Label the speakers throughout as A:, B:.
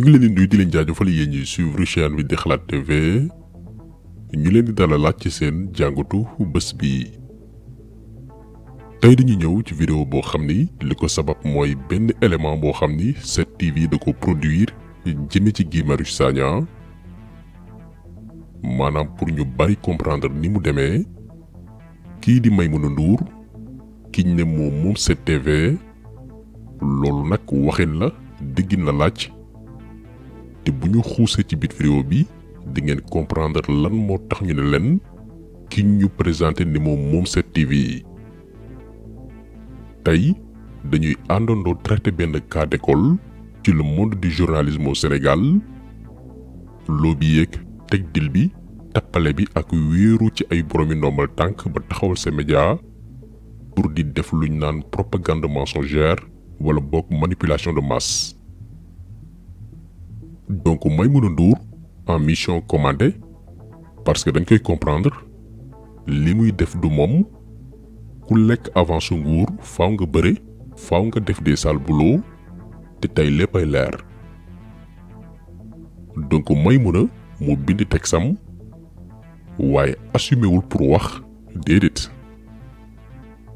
A: ñu ngi leen di nuyu di leen jaajëfal yéen ñuy suivre chaîne bi di xalaat tv ñu leen di dalalaat ci seen jàngatu bés bi tey dañu ñëw ci vidéo boo xam ni li ko sabab mooy benn élément boo xam ni sa tv da ko produire jëme ci Guy Marius Sagna maanaam pour ñu bari comprendre ni mu demee kii di may Maimouna Ndour kiñ ne moom moom sa tv loolu nag waxin la diggin la laaj te bu ñu xuusee ci biir vidéo bi di ngeen comprendre lan moo tax ñu ne leen ki ñu présenté ni moom moom 7TV tey dañuy àndandoo traité benn cas d'école ci lu monde di journalisme au Sénégal lobby yeeg teg dil bi tappale bi ak wéeru ci ay boromi ndombal tànk ba taxawal sa média pour di def luñ naan propagande mensongère wala boog manipulation de masse donc Maïmouna Ndour en mission commandée parce que dañ koy comprendre li muy def du moom ku lekk avant su nguur faaw nga bëre faaw nga def des sales boulots te tey ay leer donc Maïmouna mu bind texam waaye assumé wul pour wax déedéet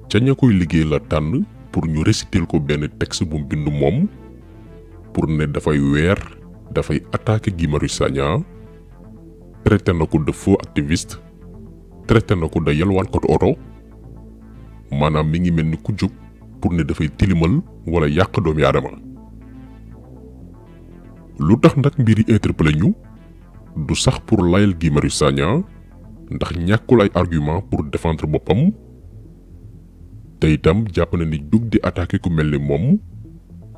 A: ca ña koy liggéey la tànn pour ñu récitel ko benn texte bu mu bind moom pour ne dafay weer fay attaquer Guy Marius Sagna traité nako de faux activiste traité na mana de yalwaankatu auto manam mi ngi melni ku djuk pour ne fay tilimal wala yàq doomi aadama lu tax nag mbir yi interpellé ñu du sax pour layel Guy Marius Sagna ndax ñakul ay argument pour défendre bopam tay tam japp na ni di attaquer ku melni mom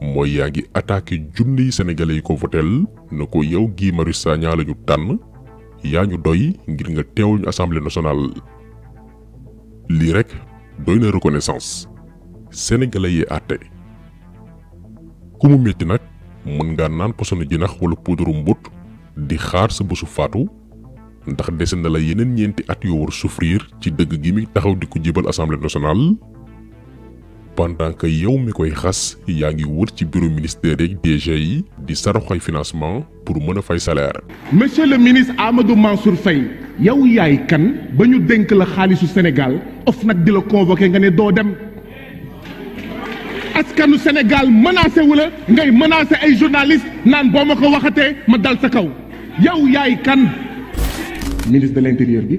A: moy yaangi ngi jundi sénégalais yi ko votel nako yow gi marissa ñala ñu tan yaa ñu doy ngir nga teewul ñu assemblée nationale li rek doy reconnaissance sénégalais yi atté ku mu métti nag mën ngaa naan ji wala poudre mbout di xaar sa busu fatou ndax dese na la yeneen ñenti at yu war souffrir ci dëgg gi mi taxaw di ko assemblée nationale pendant que yow mi koy xas yaa ngi ci bureau ministère financement pour salaire.
B: monsieur le ministre Amadou Mansour Faye yow yaay kan la Sénégal of di la convoqué nga ne dem askanu Sénégal menacé wu ngay menacé ay journaliste naan boo ma ma dal sa kaw yow yaay ministre de l'intérieur bi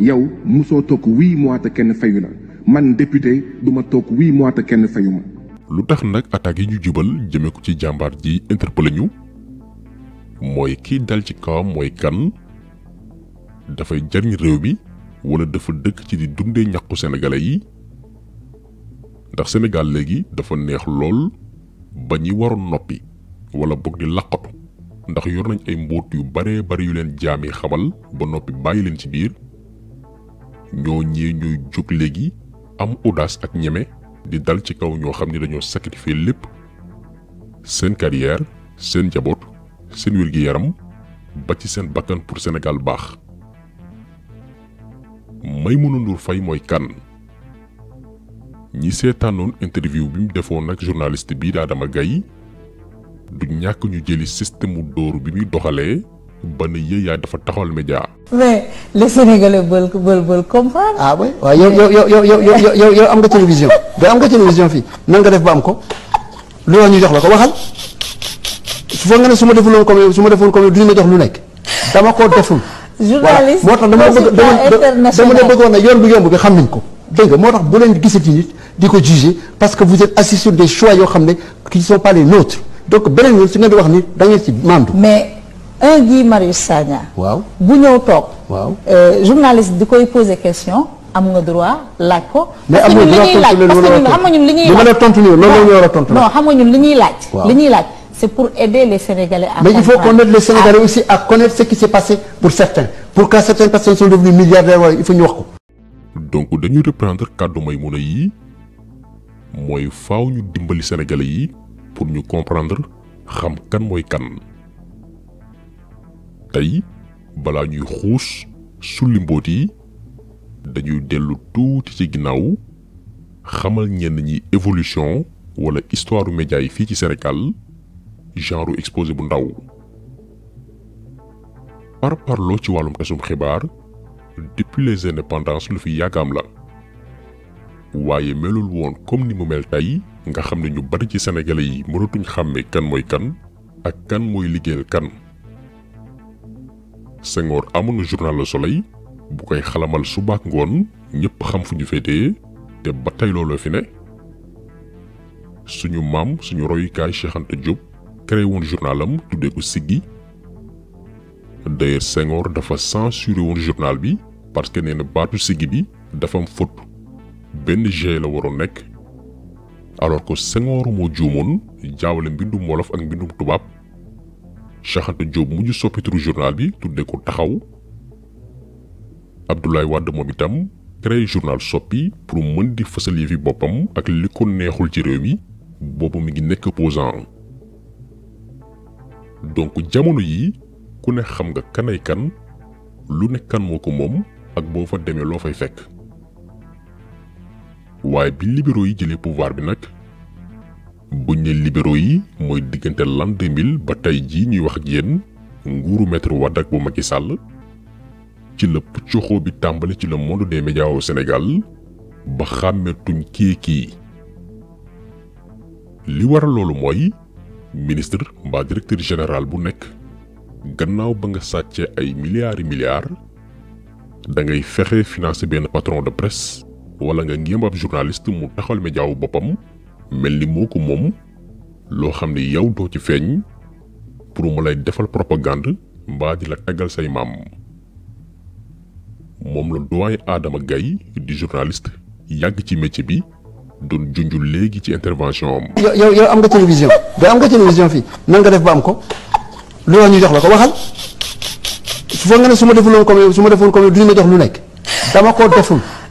B: yow mosoo toog huit mois te kenn fayu la man député du ma toog huit mois te kenn fayu ma.
A: lu tax nag attaques yi ñu jubal jëmee ko ci jàmbaar ji interpellé ñu
B: mooy kii dal
A: ci kawam mooy kan dafay jariñ réew bi wala dafa dëkk ci di dundee ñàkku sénégalais yi ndax Sénégal léegi dafa neex lool ba ñi waroon noppi wala boog di làqatu ndax yor nañ ay mbóot yu baree bari yu leen jaami xamal ba noppi bàyyi leen ci biir. ñoo ñi ñuy jóg léegi am audace ak ñeme di dal ci kaw ñoo xam ni dañoo sacrifier lépp seen carrière seen njaboot seen wér-gi-yaram ba ci seen bakkan pour Sénégal baax Maimouna Ndour fay mooy kan ñi seetaanoon interview bi mu defoon ak journaliste bii Adama Gaye du ñàkk ñu jëli système mu dóoru bi muy doxalee mais dafa
C: mais les sénégalais comprendre. ah oui yo yo yo yo yo yo yo télévision télévision comme comme journaliste dama dama dama juger parce que vous êtes assis sur des choix qui sont pas les nôtres donc mais un Guy Marius Sagna. waaw bu ñëw toog. waaw euh, journaliste di koy poser question am nga droit laaj ko. mais am nga droit tontu parce que ñun xam nga ñun li ñuy laaj. du ma ñu war tontu. non xam nga ñun li ñuy laaj. li c'est pour aider les Sénégalais. à mais il faut connaître les Sénégalais aussi à connaître ce qui s'est passé pour certains pour quand certaines personnes sont devenues milliardaires wala il faut ñu wax ko.
A: donc dañuy reprendre kàddu Maïmouna yi mooy faaw ñu dimbali Sénégalais yi pour ñu comprendre xam kan mooy kan. tey balaa ñuy xuus sulli mbóot yi dañuy dellu tuuti ci ginnaaw xamal ñenn ñi évolution wala histoire média yi fii ci Sénégal genre exposé bu ndaw par parloo ci wàllum tasum xibaar depuis les indépendances lu fi am la waaye melul woon comme ni mu mel tey nga xam ne ñu bari ci sénégalais yi mënatuñ xàmme kan mooy kan ak kan mooy liggéeyal kan Senghor amoon journal Le Soleil bu koy xalamal subaak ngoon ñëpp xam fu ñu féetee te ba tey fi ne suñu maam suñu royukaay Cheikh Anta Diop créé woon journalam tuddee ko Siggi d'ailleurs Senghor dafa censuré woon journal bi parce que nee na baatu Siggi bi dafa am faute benn G la waroon nekk alors que Senghor moo juumoon jaawale mbindum wolof ak mbindum tubaab. Cheikh Anta Diop mujj soppi turu journal bi tuddé ko taxaw Abdoulaye Wade moom itam créé journal soppi pour mën di yi fi bopam ak liko neexul ci réew mi bobu mi ngi nek opposant donc jamono yi ku ne xam nga kanay kan lu ne kan moko mom ak bo fa démé lo fay fekk waye bi libéraux yi jëlé pouvoir bi nak buñ ne libéraux yi moy digënté l'an 2000 ba tay ji ñuy wax ak yéen nguuru maître wadak bu Macky Sall ci la puccoxoo bi tàmbali ci le monde des médias au Sénégal ba xàmmetuñ kii kii li war lolu moy ministre ba directeur général bu nek gannaaw ba nga ay milliards milliards da ngay fexé financer ben patron de presse wala nga ngéem ab journaliste mu taxal média bopam mel ni moo ko moom loo xam ne yow doo ci feeñ pour mu lay defal propagande mbaa di la taggal say maam moom la doyen Adama Gaye di journaliste yàgg ci métier bi doon junj léegi ci intervention am.
C: yow yow am nga télévision ba am nga télévision fii nan nga def ba am ko lu wax ñu jox la ko waxal su foog nga ne su ma defuloon comme su ma defoon comme du ñu ma jox lu nekk dama ko deful.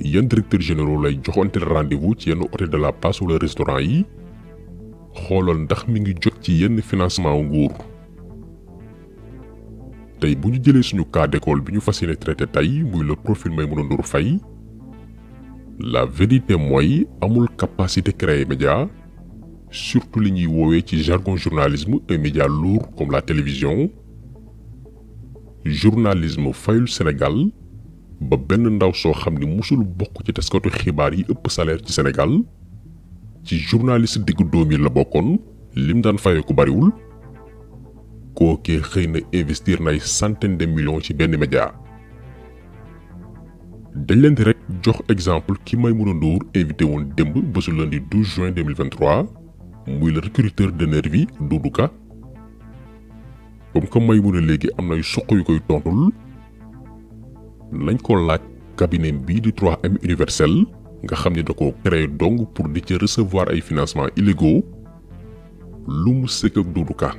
A: yan directeur généraux lay le rendez-vous ci yenn hôtel de la place le restaurant yi xolol ndax mi ngi jot ci yenn financement nguur tay buñu ñu suñu cas d'école biñu ñu traité tay muy le profil mëna Ndour fay la vérité moy amul capacité créer média surtout li ñuy woowee ci jargon journalisme un média lourd comme la télévision journalisme fayul Sénégal ba benn ndaw soo xam musul ci xibaar yi salaire ci Sénégal ci journaliste la bokkoon lim daan fayee ku bariwul kookee xëy na investir nay de millions ci benn média dañ rek exemple ki a Ndour invité woon lundi 12 juin 2023 muy le recruteur de Nervi Doudouka, comme que a léegi am nay suq yu nañ ko laaj cabinet bii di 3M universel nga xam ne da ko créé dong pour di ci recevoir ay financement illégaux lu mu sëkk ak Ka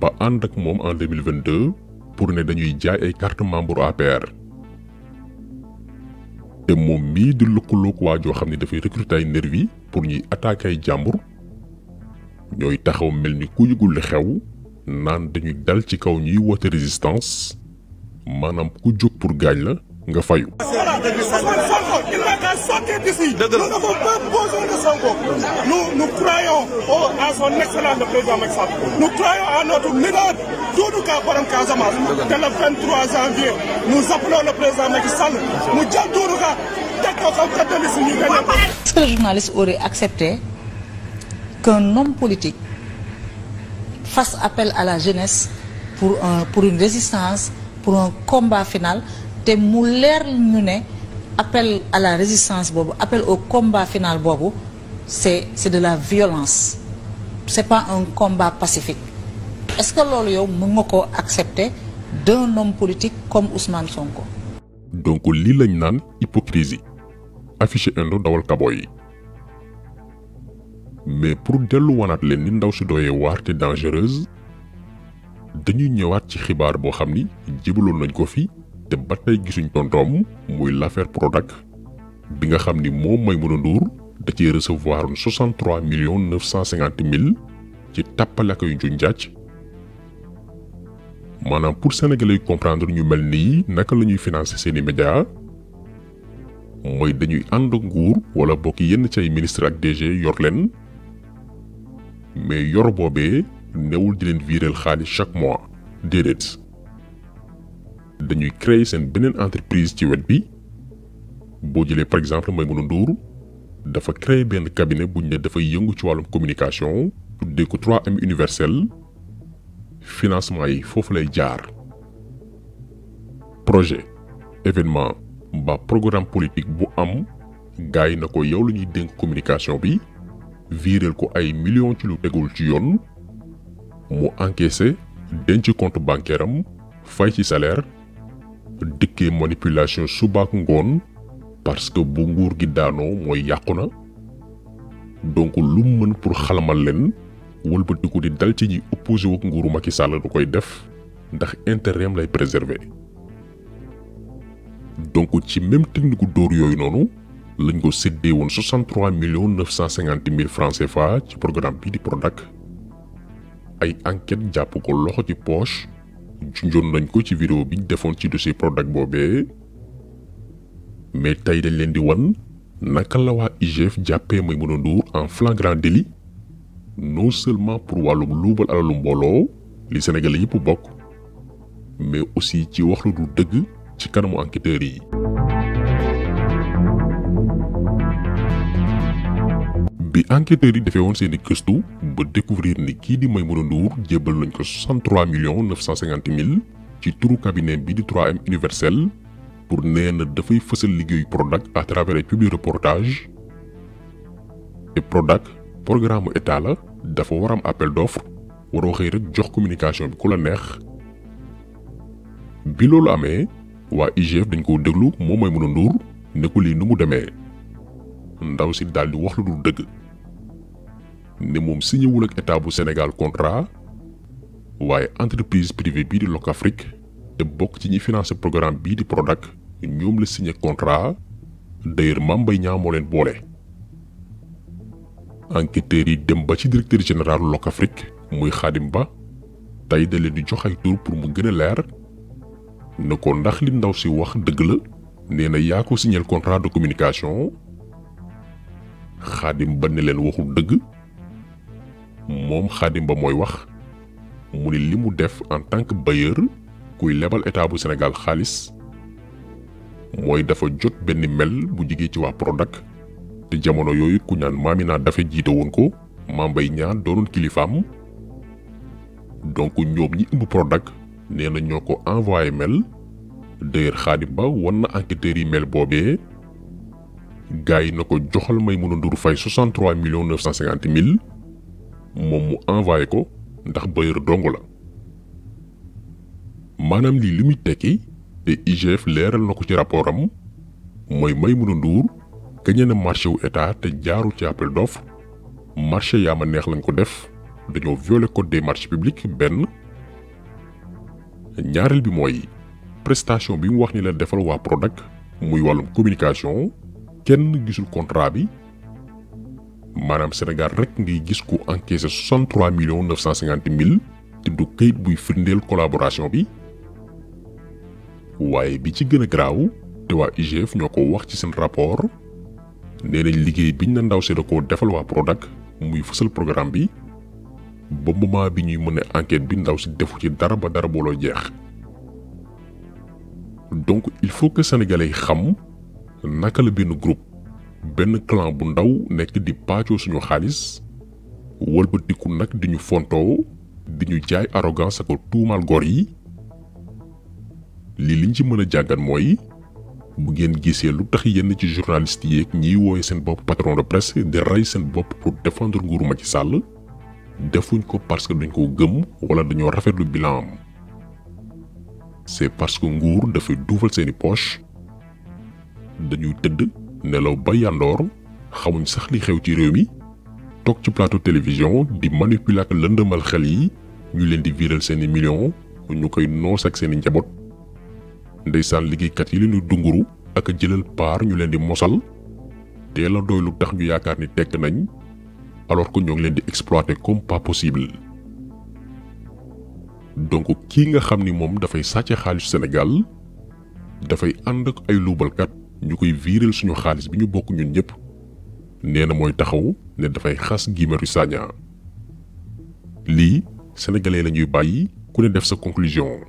A: ba ànd ak moom en 2022 pour ne dañuy jaay ay carte membre APR te moom mii di lëkkaloog waa joo xam ne dafay recruter ay nervi pour ñuy attaquer ay jàmbur ñooy taxaw mel ni ku yëgul li xew naan dañuy dal ci kaw ñuy woote résistance maanaam ku jóg pour gaañ la nga
B: Nous, croyons au, à son excellent président Macky Nous croyons à notre leader Doudou Kaparam Casamance. Que le 23 janvier, nous appelons le président Macky Nous disons Doudou
C: le journaliste aurait accepté qu'un homme politique fasse appel à la jeunesse pour une résistance, pour un combat final te mu leer ñu ne appel à la résistance bobu appel au combat final c'est c'est de la violence c'est pas un combat pacifique est-ce que lolu yow mu accepter d'un homme politique comme Ousmane Sonko.
A: donc li lañ nane hypocrisie affiché un dawal kabo yi mais pour dellu wanaat leen ni ndaw ci doyee dangereuse dañuy ñëwaat ci xibaar bo xamni ni ko te ba tey gisuñ tontoom muy l'affaire Prodac bi nga xam ni moom Maimouna Ndour da cee recevoir 63 millions 950 mille ci tàppale ak yu njuñ njaaj maanaam pour sénégalais yu comprendre ñu mel nii naka la ñuy financer seeni médias mooy dañuy ànd nguur wala bokk yenn ci ay ministre ak DG yor leen mais yor boobee newul di leen viiral xaalis chaque mois déedéet. dañuy créer seen beneen entreprise ci wet bi boo jëlee par exemple Maimouna Ndour dafa créer benn cabinet bu ñu ne dafay yëngu ci wàllum communication tuddee ko 3M universel financement yi foofu lay jaar projet événement ba programme politique bu am gars yi na ko yow la ñuy dénk communication bi viréel ko ay millions ci lu tegul ci yoon mu encaissé denc compte bancaire am fay ci salaire dikke manipulation suba ngon parce que bu nguur gi daano moy yakuna donc lu meun pour xalamal len wolbeutiku di dal ci ñi opposé wu nguuru Macky Sall du koy def ndax intérêt lay préserver donc ci même technique d'or yoy nonu lañ ko cédé won 63 millions 950 000 francs CFA ci programme bi di Prodac ay enquête japp ko loxo ci poche junjoon nañ ko ci vidéo biñ defoon ci dossier Prodac boobee mais tey dañ leen di wan naka la waa IGF jàppee Maimouna Ndour en flagrant délit non seulement pour wàllum luubal alalu mbooloo li Sénégalais yëpp bokk mais aussi ci wax lu du dëgg ci kanamu enquêteurs yi. bi enquêteurs yi defee woon seeni gëstu ba découvrir ni kii di Maimouna Ndour jébbal nañ ko 63 millions 950 mille ci turu cabinet bi di 3M Universel pour nee na dafay fësal liggéeyu Prodac à travers ay publi reportage te Prodac programme état la dafa war am appel war waroo xëy rek jox communication bi ku la neex bi loolu amee waa IGF dañ koo déglu moom Maimouna Ndour ne ko lii nu mu demee ndaw si daal di wax lu dul dëgg ne signé wul ak état bu Sénégal contrat waye entreprise privée bi di afrique te bok ci ñi financer programme bi di Prodac ñom le signé contrat d'ailleurs Mame Mbaye Niang moo leen boole. enquêteurs yi dem ba ci directeur général afrique muy Khadim Ba tay de di jox ay tur pour mu gëna lèr ne ko ndax li ndaw ci wax deug la nee ya yaa ko contrat de communication Khadim Ba ne len waxul deug moom Khadim Ba mooy wax mu ni def en tant que bailleur kuy lebal état bu Sénégal khalis mooy dafa jot ben mel bu jigee ci wa product te jamono yoyu ku ñaan Mamina dafa jité won ko Mame Mbaye Niang doon kilifam donc ñom ñi ëmb product néna ñoko envoyer mel deur Khadim Ba won na enquêteur yi mel bobé gaay nako joxal may mënu Maimouna fay 63 950 000 moom mu envoyé ko ndax bailleur dong la maanaam lii li muy tekki te IGF leeral na ko ci rapport am mooy Maimouna Ndour gañe na marché wu état te jaaru ci appel d'offre marché yaa ma neex lañ ko def dañoo violer ko des marchés publics benn ñaareel bi mooy prestation bi mu wax ni la defal waa Prodac muy wàllum communication kenn gisul contrat bi maanaam Sénégal rek ngay gis ku encaissé 63 millions 950 mille te du këyit buy firndeel collaboration bi waaye bi ci gën a garaaw te waa IGF ñoo ko wax ci seen rapport nee nañ liggéey biñ ne ndaw Sédakoo defal waa Prodac muy fësal programme bi ba moment bi ñuy mën a enquête bi ndaw si defu ci dara ba dara booloo jeex donc il faut que sénégalais yi xam naka la benn groupe. Ben clan bu ndaw nek di paccoo suñu xaliss wëlbatiku nag di ñu fontoo di jaay arrogance ak tuumaal gor yi li liñ ci mëna a moy bu ngeen gisé lu tax yenn ci journaliste yeeg ñi woy seen bop patron de presse de ray seen bop pour défendre ma ci Sall defuñ ko parce que dañ ko gëm wala rafet lu bilan c'est parce que nguur fay duufal seen poche dañu teud nelaw ba yàndoor xamuñ sax li xew ci réew mi toog ci plateau télévision di manipuler ak lëndëmal xel yi ñu leen di viral seeni millions ñu koy noos ak seeni njaboot ndeysaan liggéeykat yi leen di dunguru ak jëlal paar ñu leen di mosal te a doy lu tax ñu yaakaar ni tekk nañ alors que ñoo ngi leen di exploité comme pas possible donc kii nga xam ni moom dafay sàcce xaalis senegal dafay ànd ak ay luubalkat ñu koy viiral suñu xaalis bi ñu bokk ñun ñëpp nee na mooy taxaw ne dafay xas Guy Marius Sagna lii sénégalais la ñuy bàyyi ku ne def sa conclusion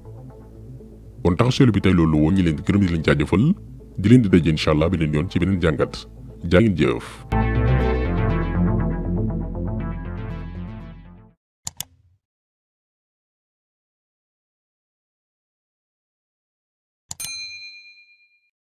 A: kon tax seelu bi tey loolu woon ñi leen di gërëm di leen jaajëfal di leen di daje incha allah beneen yoon ci beneen jàngat jaa jëf